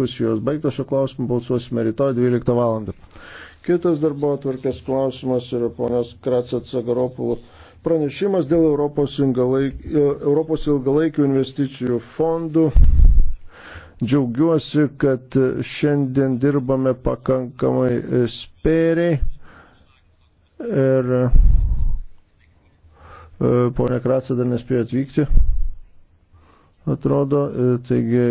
diskusijos baigtos šio klausimu, balsuosime rytoj 12 val. Kitas darbo atvarkės klausimas yra ponios Kratsat Sagaropulų pranešimas dėl Europos, ilgalaik, e, Europos ilgalaikių investicijų fondų. Džiaugiuosi, kad šiandien dirbame pakankamai e, spėriai ir e, ponia Kratsa dar nespėjo atvykti atrodo, taigi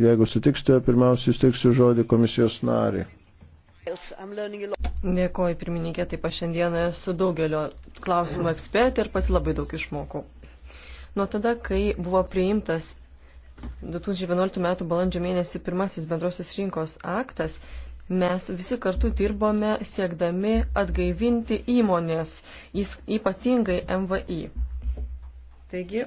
Jeigu sutiksite, pirmiausia, įsteiksiu žodį komisijos narį. Dėkoju, pirmininkė, taip aš šiandieną esu daugelio klausimų ekspertė ir pati labai daug išmokau. Nuo tada, kai buvo priimtas 2011 m. balandžio mėnesį pirmasis bendrosios rinkos aktas, mes visi kartu dirbome siekdami atgaivinti įmonės, ypatingai MVI. Taigi,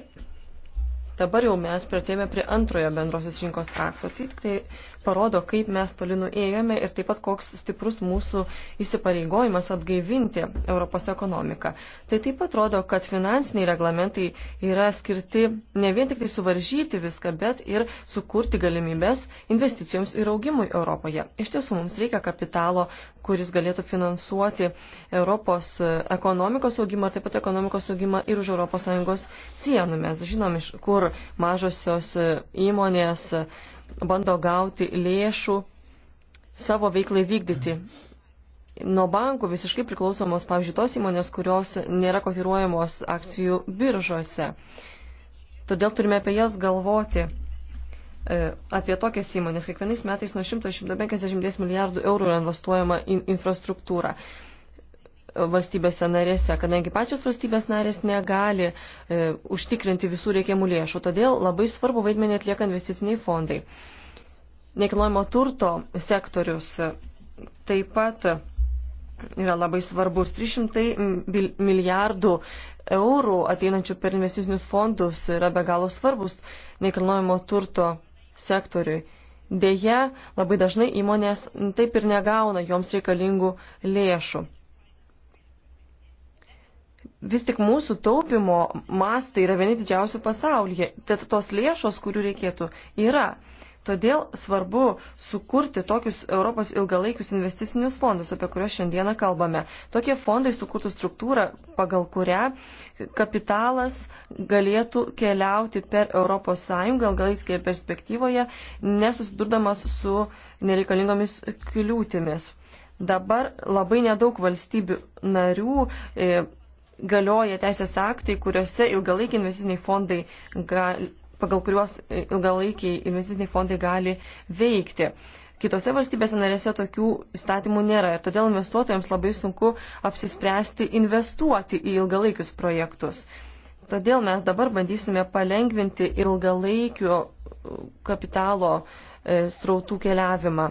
Dabar jau mes pratėjome prie antrojo bendrosios rinkos akto. Tai tik tai parodo, kaip mes toli nuėjome ir taip pat koks stiprus mūsų įsipareigojimas atgaivinti Europos ekonomiką. Tai taip pat rodo, kad finansiniai reglamentai yra skirti ne vien tik tai suvaržyti viską, bet ir sukurti galimybės investicijoms ir augimui Europoje. Iš tiesų, mums reikia kapitalo, kuris galėtų finansuoti Europos ekonomikos augimą, taip pat ekonomikos augimą ir už ES sienų. Mes žinom, iš kur mažosios įmonės bando gauti lėšų savo veiklai vykdyti. Nuo bankų visiškai priklausomos, pavyzdžiui, tos įmonės, kurios nėra kotiruojamos akcijų biržose. Todėl turime apie jas galvoti, e, apie tokias įmonės. Kiekvienais metais nuo 100-150 milijardų eurų yra investuojama į in infrastruktūrą valstybėse narėse, kadangi pačios valstybės narės negali e, užtikrinti visų reikiamų lėšų, todėl labai svarbu vaidmenį atlieka investiciniai fondai. Nekilnojamo turto sektorius e, taip pat yra labai svarbus. 300 milijardų eurų ateinančių per investicinius fondus yra be galo svarbus nekilnojamo turto sektoriui. Deja, labai dažnai įmonės taip ir negauna joms reikalingų lėšų vis tik mūsų taupimo mastai yra vieni didžiausių pasaulyje. Tad tos lėšos, kurių reikėtų, yra. Todėl svarbu sukurti tokius Europos ilgalaikius investicinius fondus, apie kuriuos šiandieną kalbame. Tokie fondai sukurtų struktūrą, pagal kurią kapitalas galėtų keliauti per ES ilgalaikėje perspektyvoje, nesusidurdamas su nereikalingomis kliūtimis. Dabar labai nedaug valstybių narių e, galioja teisės aktai, kuriuose ilgalaikiai investiciniai fondai, gal, pagal kuriuos e, ilgalaikiai investiciniai fondai gali veikti. Kitose valstybėse narėse tokių įstatymų nėra ir todėl investuotojams labai sunku apsispręsti investuoti į ilgalaikius projektus. Todėl mes dabar bandysime palengvinti ilgalaikio kapitalo e, srautų keliavimą.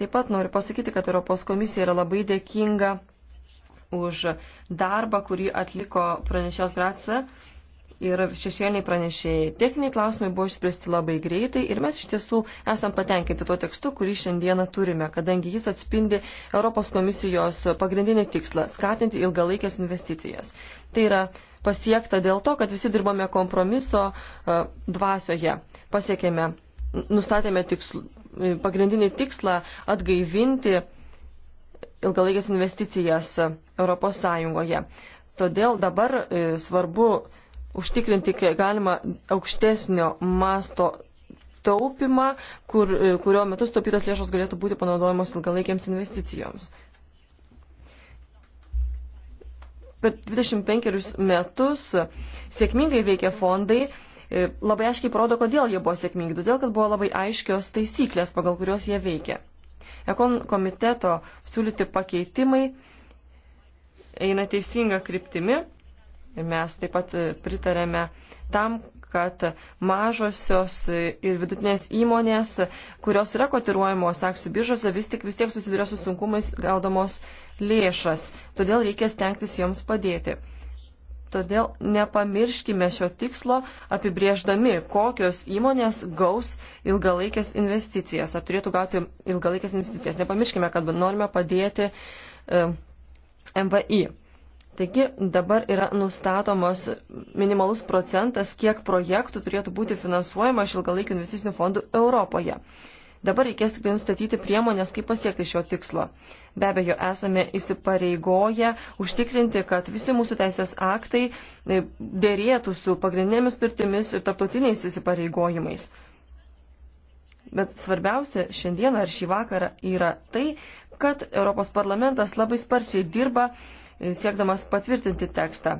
Taip pat noriu pasakyti, kad Europos komisija yra labai dėkinga už darbą, kurį atliko pranešios Gracija ir šešėliniai pranešėjai. Techniniai klausimai buvo išspręsti labai greitai ir mes iš tiesų esam patenkinti tuo tekstu, kurį šiandieną turime, kadangi jis atspindi Europos komisijos pagrindinį tikslą - skatinti ilgalaikės investicijas. Tai yra pasiekta dėl to, kad visi dirbome kompromiso e, dvasioje. Pasiekėme, nustatėme tiksl, pagrindinį tikslą atgaivinti ilgalaikės investicijas Europos Sąjungoje. Todėl dabar e, svarbu užtikrinti, kiek galima aukštesnio masto taupimą, kur, e, kurio metu staupytos lėšos galėtų būti panaudojamos ilgalaikiams investicijoms. Per 25 metus sėkmingai veikia fondai, e, labai aiškiai parodo, kodėl jie buvo sėkmingi. Todėl, kad buvo labai aiškios taisyklės, pagal kurios jie veikia. Ekon komiteto siūlyti pakeitimai eina teisinga kryptimi ir mes taip pat pritarėme tam, kad mažosios ir vidutinės įmonės, kurios yra kotiruojamos akcijų biržose, vis tik vis tiek susiduria su sunkumais gaudamos lėšas. Todėl reikia stengtis joms padėti. Todėl nepamirškime šio tikslo apibrėždami, kokios įmonės gaus ilgalaikės investicijas, ar turėtų gauti ilgalaikės investicijas. Nepamirškime, kad norime padėti e, MVI. Taigi dabar yra nustatomos minimalus procentas, kiek projektų turėtų būti finansuojama iš ilgalaikių investicinių fondų Europoje. E, Dabar reikės tik tai nustatyti priemonės, kaip pasiekti šio tikslo. Be abejo, esame įsipareigoję užtikrinti, kad visi mūsų teisės aktai e, dėrėtų su pagrindinėmis turtimis ir tarptautiniais įsipareigojimais. Bet svarbiausia šiandieną ar šį vakarą yra tai, kad Europos parlamentas labai sparčiai dirba e, siekdamas patvirtinti tekstą.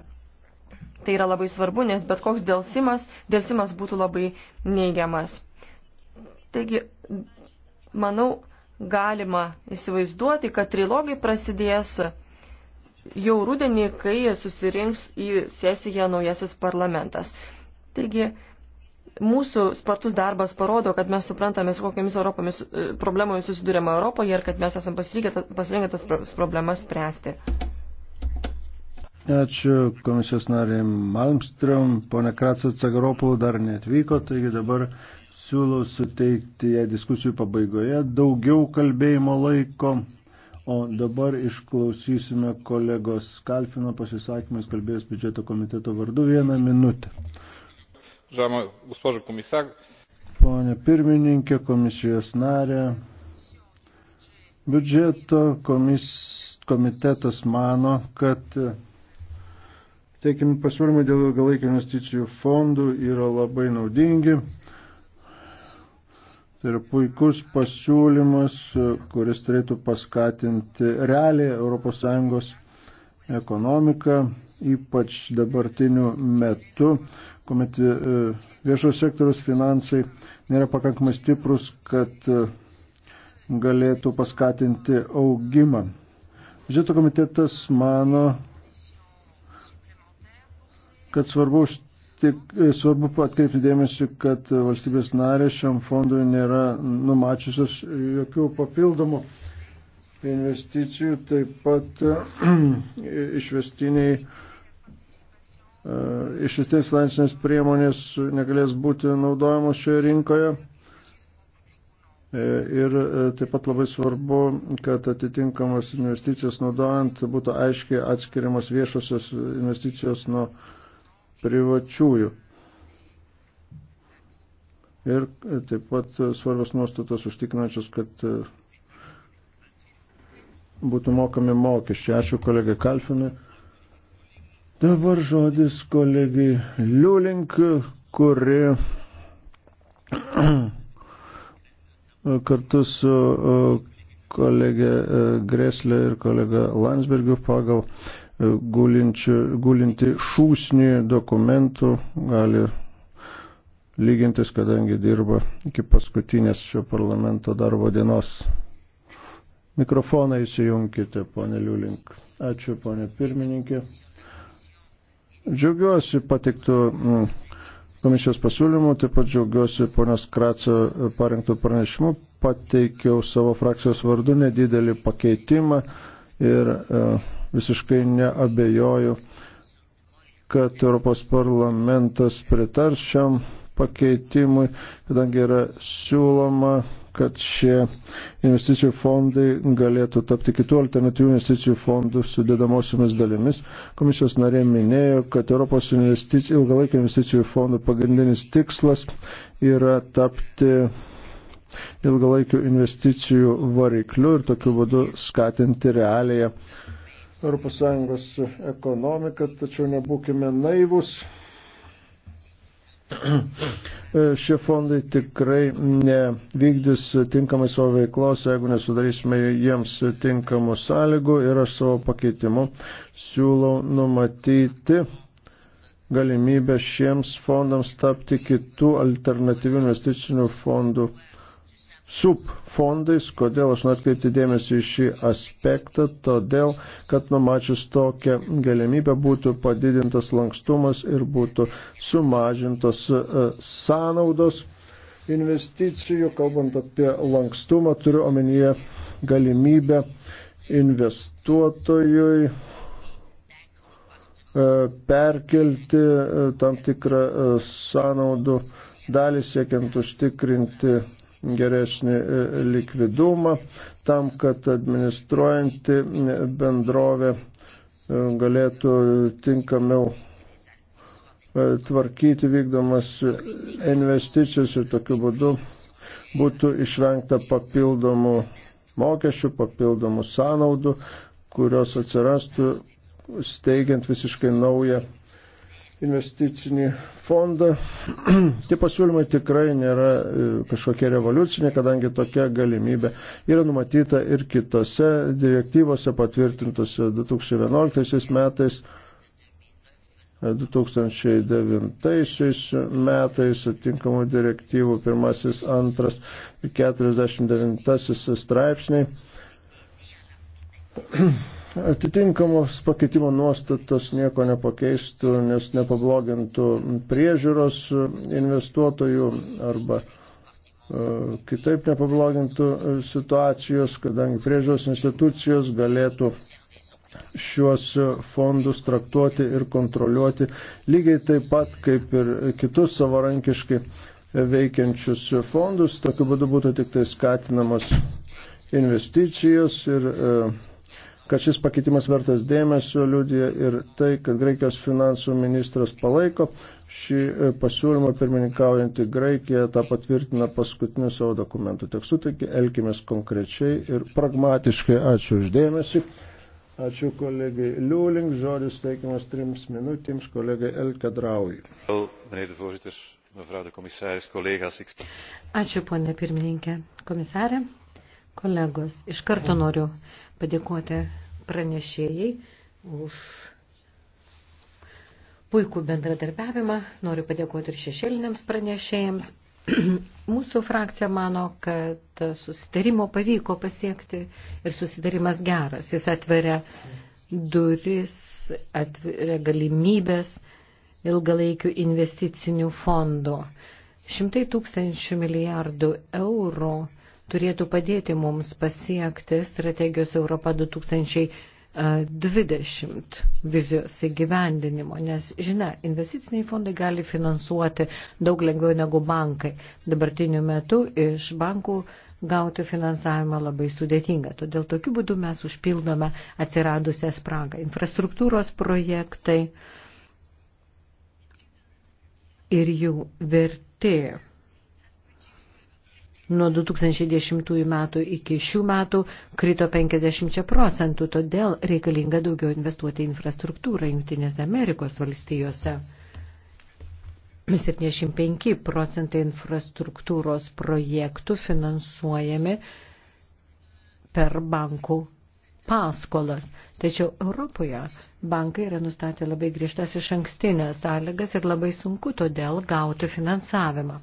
Tai yra labai svarbu, nes bet koks dėlsimas, dėlsimas būtų labai neigiamas. Taigi, manau, galima įsivaizduoti, kad trilogai prasidės jau rudenį, kai susirinks į sesiją naujasis parlamentas. Taigi, mūsų spartus darbas parodo, kad mes suprantame, su kokiamis Europomis, e, problemomis susidurėme Europoje ir kad mes esame pasirengę tas problemas spręsti. Ačiū komisijos narė Malmström, ponė Kratsas Agaropulų dar neatvyko, taigi dabar siūlau suteikti ją diskusijų pabaigoje daugiau kalbėjimo laiko. O dabar išklausysime kolegos Kalfino pasisakymus, kalbėjęs biudžeto komiteto vardu vieną minutę. Žama, guspožo komisar. Pone pirmininkė, komisijos narė. Biudžeto komis, komitetas mano, kad teikiami pasiūlymai dėl ilgalaikio investicijų fondų yra labai naudingi. Tai yra puikus pasiūlymas, kuris turėtų paskatinti realiai ES ekonomiką, ypač dabartiniu metu, kuomet e, viešo sektoriaus finansai nėra pakankamai stiprus, kad e, galėtų paskatinti augimą. Žieto komitetas mano, kad svarbu užtikrinti tik e, svarbu atkreipti dėmesį, kad e, valstybės narės šiam fondui nėra numačiusios jokių papildomų investicijų, taip pat e, išvestiniai. Išvestinės finansinės priemonės negalės būti naudojamos šioje rinkoje. Ir taip pat labai svarbu, kad atitinkamos investicijos naudojant būtų aiškiai atskiriamos viešosios investicijos nuo privačiųjų. Ir taip pat svarbios nuostatos užtikrinančios, kad e, būtų mokami mokesčiai. Ačiū kolegai Kalfinui. Dabar žodis kolegai Liulink, kuri kartu su e, kolegė e, Greslė ir kolega Landsbergiu pagal gulinti šūsnį dokumentų, gali lygintis, kadangi dirba iki paskutinės šio parlamento darbo dienos. Mikrofoną įsijunkite, ponė Liulink. Ačiū, ponė pirmininkė. Džiaugiuosi patiktų mm, komisijos pasiūlymų, taip pat džiaugiuosi ponios Kraco parengtų pranešimų. Pateikiau savo frakcijos vardu nedidelį pakeitimą ir uh, visiškai neabejoju, kad Europos parlamentas pritars šiam pakeitimui, kadangi yra siūloma, kad šie investicijų fondai galėtų tapti kitų alternatyvių investicijų fondų sudėdamosiomis dalimis. Komisijos narė minėjo, kad Europos investicijų, ilgalaikio investicijų fondų pagrindinis tikslas yra tapti ilgalaikių investicijų varikliu ir tokiu būdu skatinti realiją ES ekonomiką, tačiau nebūkime naivus. Šie fondai tikrai nevykdys tinkamai savo veiklos, jeigu nesudarysime jiems tinkamų sąlygų ir aš savo pakeitimu siūlau numatyti galimybę šiems fondams tapti kitų alternatyvių investicinių fondų sub fondais. Kodėl aš noriu atkreipti dėmesį į šį aspektą? Todėl, kad numačius tokią galimybę būtų padidintas lankstumas ir būtų sumažintos e, sąnaudos investicijų. Kalbant apie lankstumą, turiu omenyje galimybę investuotojui e, perkelti e, tam tikrą sąnaudų dalį siekiant užtikrinti geresnį e, likvidumą, tam, kad administruojanti bendrovė e, galėtų tinkamiau e, tvarkyti vykdomas investicijas ir tokiu būdu būtų išvengta papildomų mokesčių, papildomų sąnaudų, kurios atsirastų steigiant visiškai naują investicinį fondą. Tie pasiūlymai tikrai nėra e, kažkokie revoliuciniai, kadangi tokia galimybė yra numatyta ir kitose direktyvose patvirtintose 2011 metais, 2009 e, metais atinkamų direktyvų 1, 2 ir 49 straipsniai Atitinkamos pakeitimo nuostatos nieko nepakeistų, nes nepablogintų priežiūros investuotojų arba e, kitaip nepablogintų situacijos, kadangi priežiūros institucijos galėtų šiuos fondus traktuoti ir kontroliuoti lygiai taip pat kaip ir kitus savarankiškai veikiančius fondus. Tokiu būdu būtų tik tai skatinamas investicijos ir e, kad šis pakeitimas vertas dėmesio liūdė ir tai, kad Graikijos finansų ministras palaiko šį e, pasiūlymą pirmininkaujantį Graikiją, tą patvirtina paskutiniu savo dokumentu tekstu, taigi elkimės konkrečiai ir pragmatiškai. Ačiū uždėmesi. Ačiū kolegai Liūling, žodis teikiamas trims minutėms kolegai Elke Draui. Ačiū, ponė pirmininkė, komisarė. Kolegos, iš karto noriu padėkoti pranešėjai už puikų bendradarbiavimą. Noriu padėkoti ir šešėliniams pranešėjams. Mūsų frakcija mano, kad susitarimo pavyko pasiekti ir susitarimas geras. Jis atveria duris, atveria galimybės ilgalaikių investicinių fondų. Šimtai tūkstančių milijardų eurų turėtų padėti mums pasiekti strategijos Europa 2020 vizijos įgyvendinimo, nes, žinia, investiciniai fondai gali finansuoti daug lengviau negu bankai. Dabartiniu metu iš bankų gauti finansavimą labai sudėtinga. Todėl tokiu būdu mes užpildome atsiradusią spragą. Infrastruktūros projektai ir jų vertė nuo 2010 metų iki šių metų krito 50 procentų, todėl reikalinga daugiau investuoti į infrastruktūrą Junktinėse Amerikos valstijose. 75 procentai infrastruktūros projektų finansuojami per bankų paskolas. Tačiau Europoje bankai yra nustatę labai griežtas iš ankstinės sąlygas ir labai sunku todėl gauti finansavimą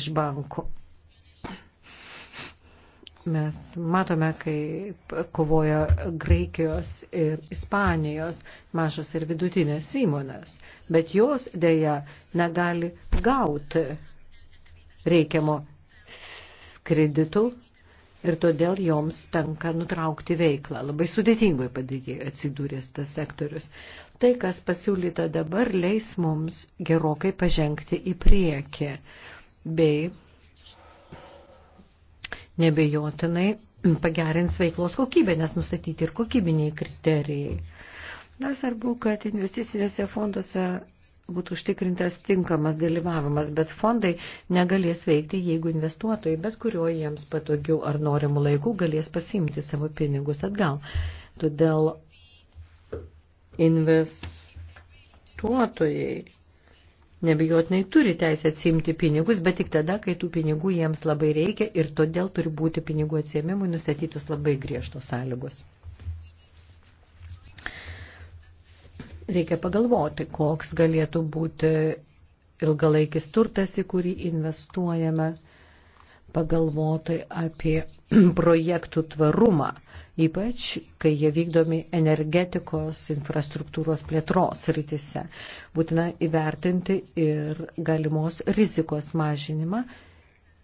iš bankų. Mes matome, kaip kovoja Graikijos ir Ispanijos mažos ir vidutinės įmonės, bet jos dėja negali gauti reikiamo kreditų ir todėl joms tenka nutraukti veiklą. Labai sudėtingoje padėtyje atsidūrės tas sektorius. Tai, kas pasiūlyta dabar, leis mums gerokai pažengti į priekį bei nebejotinai pagerins veiklos kokybę, nes nustatyti ir kokybiniai kriterijai. Dar svarbu, kad investiciniuose fonduose būtų užtikrintas tinkamas dalyvavimas, bet fondai negalės veikti, jeigu investuotojai bet kurio jiems patogių ar norimų laikų galės pasimti savo pinigus atgal. Todėl investuotojai nebejotinai turi teisę atsimti pinigus, bet tik tada, kai tų pinigų jiems labai reikia ir todėl turi būti pinigų atsiemimui nustatytos labai griežtos sąlygos. Reikia pagalvoti, koks galėtų būti ilgalaikis turtas, į kurį investuojame, pagalvoti apie projektų tvarumą ypač kai jie vykdomi energetikos infrastruktūros plėtros rytise. Būtina įvertinti ir galimos rizikos mažinimą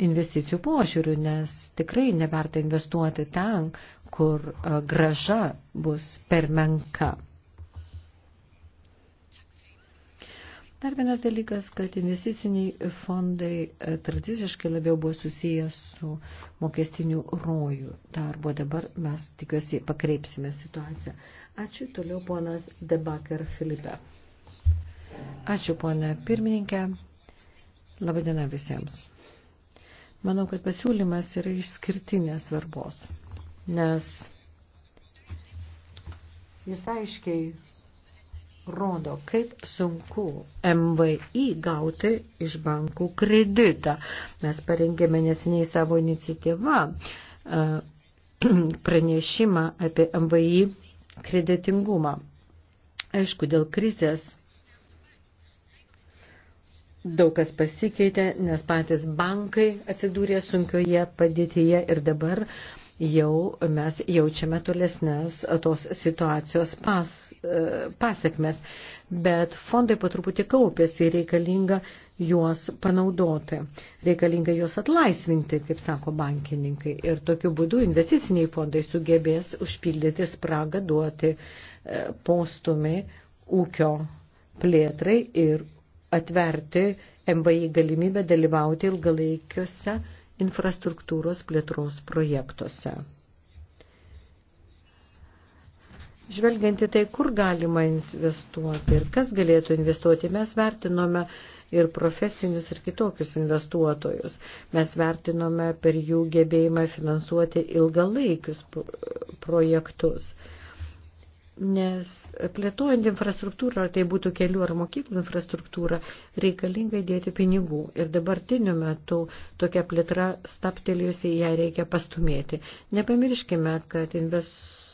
investicijų požiūrių, nes tikrai neverta investuoti ten, kur graža bus per menka. Dar vienas dalykas, kad investiciniai fondai e, tradiciškai labiau buvo susijęs su mokestiniu roju darbo. Dabar mes tikiuosi pakreipsime situaciją. Ačiū toliau ponas Debaker Filipe. Ačiū ponė pirmininkė. Labadiena visiems. Manau, kad pasiūlymas yra išskirtinės svarbos, nes jis aiškiai rodo, kaip sunku MVI gauti iš bankų kreditą. Mes parengėme nesiniai savo iniciatyvą e, pranešimą apie MVI kreditingumą. Aišku, dėl krizės daug kas pasikeitė, nes patys bankai atsidūrė sunkioje padėtyje ir dabar jau mes jaučiame tolesnės tos situacijos pas, e, pasiekmes, bet fondai patruputį kaupėsi ir reikalinga juos panaudoti, reikalinga juos atlaisvinti, kaip sako bankininkai. Ir tokiu būdu investiciniai fondai sugebės užpildyti spragą, duoti e, postumį ūkio plėtrai ir atverti MVI galimybę dalyvauti ilgalaikiuose infrastruktūros plėtros projektuose. Žvelgiant į tai, kur galima investuoti ir kas galėtų investuoti, mes vertinome ir profesinius ir kitokius investuotojus. Mes vertinome per jų gebėjimą finansuoti ilgalaikius projektus. Nes plėtojant infrastruktūrą, ar tai būtų kelių ar mokyklų infrastruktūra, reikalinga dėti pinigų. Ir dabartiniu metu tokia plėtra staptelėjusi ją reikia pastumėti. Nepamirškime, kad investuotojai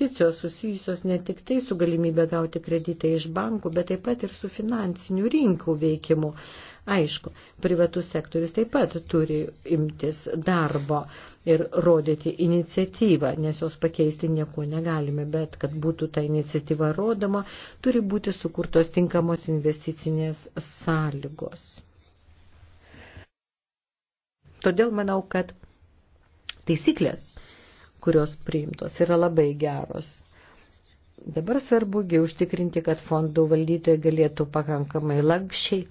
investicijos susijusios ne tik tai su galimybė gauti kreditą iš bankų, bet taip pat ir su finansinių rinkų veikimu. Aišku, privatus sektorius taip pat turi imtis darbo ir rodyti iniciatyvą, nes jos pakeisti nieko negalime, bet kad būtų ta iniciatyva rodoma, turi būti sukurtos tinkamos investicinės sąlygos. Todėl manau, kad taisyklės kurios priimtos, yra labai geros. Dabar svarbugi užtikrinti, kad fondų valdytojai galėtų pakankamai lankščiai,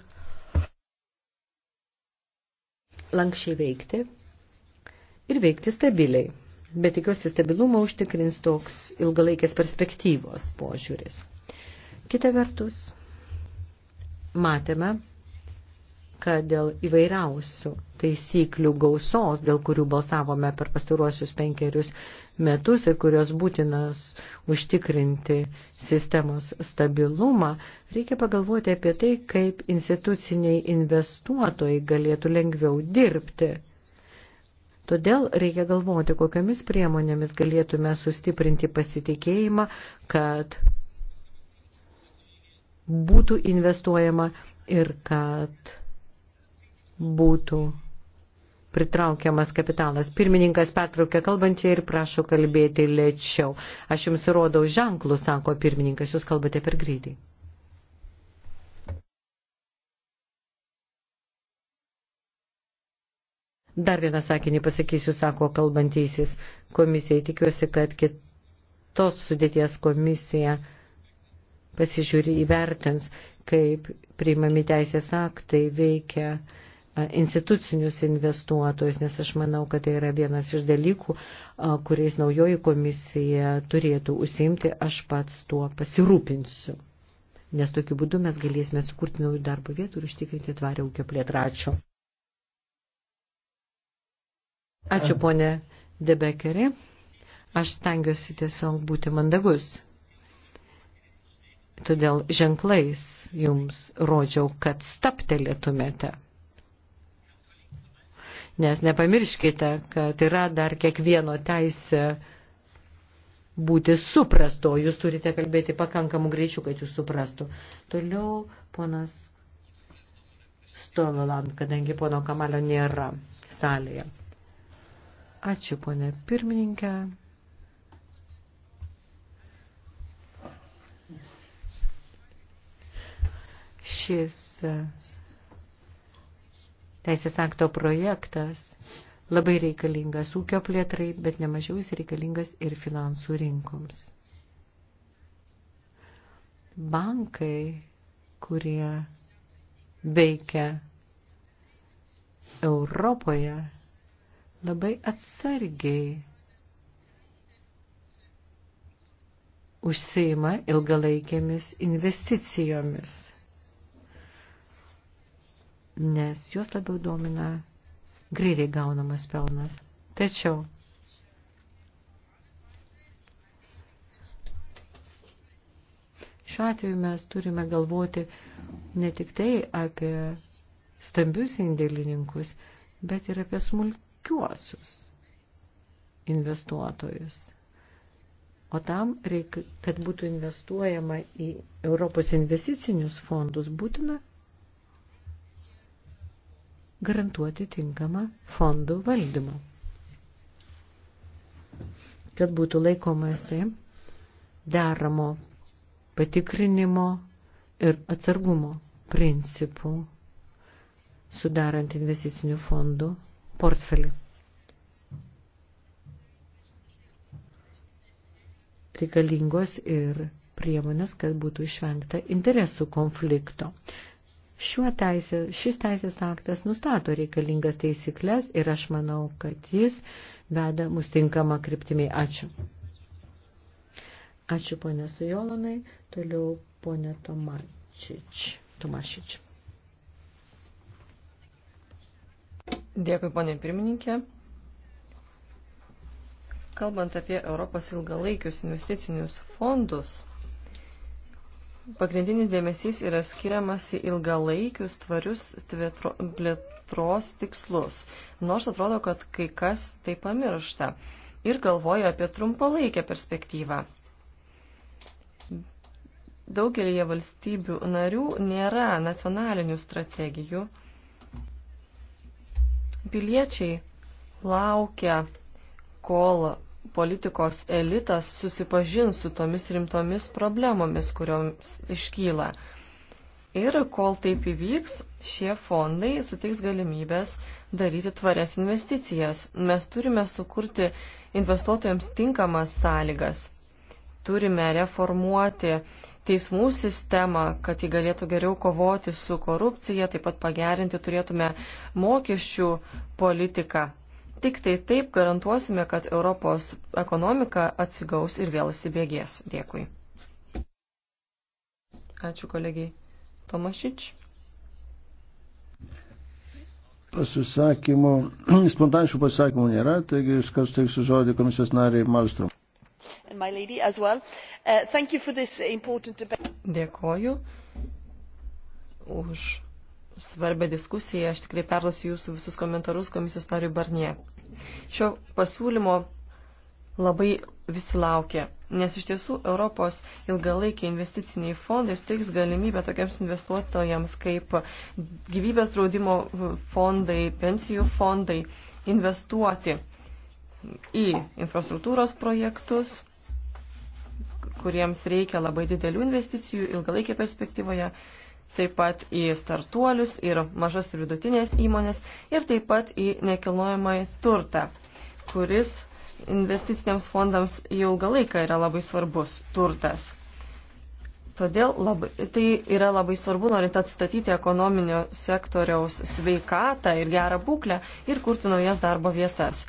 lankščiai veikti ir veikti stabiliai. Bet tikiuosi stabilumą užtikrins toks ilgalaikės perspektyvos požiūris. Kita vertus, matėme, kad dėl įvairiausių taisyklių gausos, dėl kurių balsavome per pastaruosius penkerius metus ir kurios būtinas užtikrinti sistemos stabilumą, reikia pagalvoti apie tai, kaip instituciniai investuotojai galėtų lengviau dirbti. Todėl reikia galvoti, kokiamis priemonėmis galėtume sustiprinti pasitikėjimą, kad būtų investuojama ir kad būtų pritraukiamas kapitalas. Pirmininkas pertraukė kalbančią ir prašo kalbėti lėčiau. Aš jums rodau ženklų, sako pirmininkas, jūs kalbate per greitai. Dar vieną sakinį pasakysiu, sako kalbantysis komisijai. Tikiuosi, kad kitos sudėties komisija pasižiūri įvertins, kaip priimami teisės aktai veikia institucinius investuotojus, nes aš manau, kad tai yra vienas iš dalykų, kuriais naujoji komisija turėtų užsiimti, aš pats tuo pasirūpinsiu. Nes tokiu būdu mes galėsime sukurti naujų darbo vietų ir užtikrinti tvarę ūkio plėtračių. Ačiū, ponė Debekeri. Aš stengiuosi tiesiog būti mandagus. Todėl ženklais jums rodžiau, kad staptelėtumėte. Nes nepamirškite, kad yra dar kiekvieno teisė būti suprasto, jūs turite kalbėti pakankamų greičių, kad jūs suprastų. Toliau ponas Stololan, kadangi pono Kamalio nėra salėje. Ačiū, ponė pirmininkė. Šis teisės akto projektas labai reikalingas ūkio plėtrai, bet nemažiau jis reikalingas ir finansų rinkoms. Bankai, kurie veikia Europoje, labai atsargiai užseima ilgalaikėmis investicijomis nes juos labiau domina greitai gaunamas pelnas. Tačiau šiuo atveju mes turime galvoti ne tik tai apie stambius indėlininkus, bet ir apie smulkiuosius investuotojus. O tam reikia, kad būtų investuojama į Europos investicinius fondus, būtina garantuoti tinkamą fondų valdymą. Kad būtų laikomasi deramo patikrinimo ir atsargumo principų sudarant investicinių fondų portfelį. Reikalingos ir priemonės, kad būtų išvengta interesų konflikto. Šiuo teisė, šis teisės aktas nustato reikalingas taisyklės ir aš manau, kad jis veda mus tinkamą kryptimį. Ačiū. Ačiū ponė Sujolonai, toliau ponė Tomačič. Tomašič. Dėkui, ponė pirmininkė. Kalbant apie Europos ilgalaikius investicinius fondus, pagrindinis dėmesys yra skiriamas į ilgalaikius tvarius tvėtro, plėtros tikslus, nors atrodo, kad kai kas tai pamiršta ir galvoja apie trumpalaikę perspektyvą. Daugelįje valstybių narių nėra nacionalinių strategijų. Piliečiai laukia, kol politikos elitas susipažins su tomis rimtomis problemomis, kurioms iškyla. Ir kol taip įvyks, šie fondai suteiks galimybės daryti tvarias investicijas. Mes turime sukurti investuotojams tinkamas sąlygas. Turime reformuoti teismų sistemą, kad ji galėtų geriau kovoti su korupcija, taip pat pagerinti turėtume mokesčių politiką Tik tai taip garantuosime, kad Europos ekonomika atsigaus ir vėl įsibėgės. Dėkui. Ačiū kolegiai Tomašič. Pasisakymų, spontaniškų pasisakymų nėra, taigi iš kas teiksiu žodį komisijos nariai Malstrom. Well. Uh, Dėkoju už svarbę diskusiją. Aš tikrai perduosiu jūsų visus komentarus komisijos nariui Barnie. Šio pasiūlymo labai visi laukia, nes iš tiesų Europos ilgalaikiai investiciniai fondai suteiks galimybę tokiems investuotojams kaip gyvybės draudimo fondai, pensijų fondai investuoti į infrastruktūros projektus, kuriems reikia labai didelių investicijų ilgalaikėje perspektyvoje taip pat į startuolius ir mažas ir vidutinės įmonės ir taip pat į nekilnojamąjį turtą, kuris investiciniams fondams jau ilgą laiką yra labai svarbus turtas. Todėl labai, tai yra labai svarbu, norint atstatyti ekonominio sektoriaus sveikatą ir gerą būklę ir kurti naujas darbo vietas.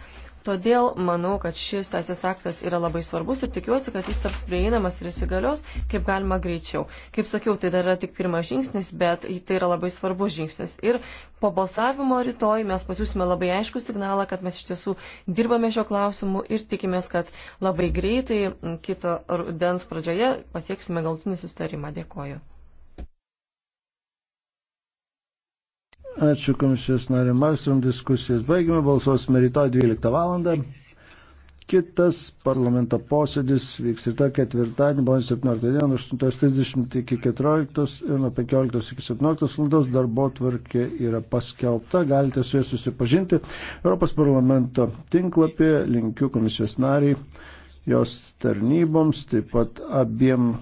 Todėl manau, kad šis teisės aktas yra labai svarbus ir tikiuosi, kad jis taps prieinamas ir įsigalios kaip galima greičiau. Kaip sakiau, tai dar yra tik pirmas žingsnis, bet tai yra labai svarbus žingsnis. Ir po balsavimo rytoj mes pasiūsime labai aišku signalą, kad mes iš tiesų dirbame šio klausimu ir tikimės, kad labai greitai kito rudens pradžioje pasieksime galtinį sustarimą. Dėkoju. Ačiū komisijos narė Markstrom diskusijas. Baigime balsuosime rytoj 12 valandą. Kitas parlamento posėdis vyks rytoj ketvirtadienį, buvo 17 dieną, 8.30 iki 14 ir nuo 15 iki 17 valandos darbo tvarkė yra paskelbta, galite su ja susipažinti. Europos parlamento tinklapį linkiu komisijos nariai, jos tarnyboms, taip pat abiem.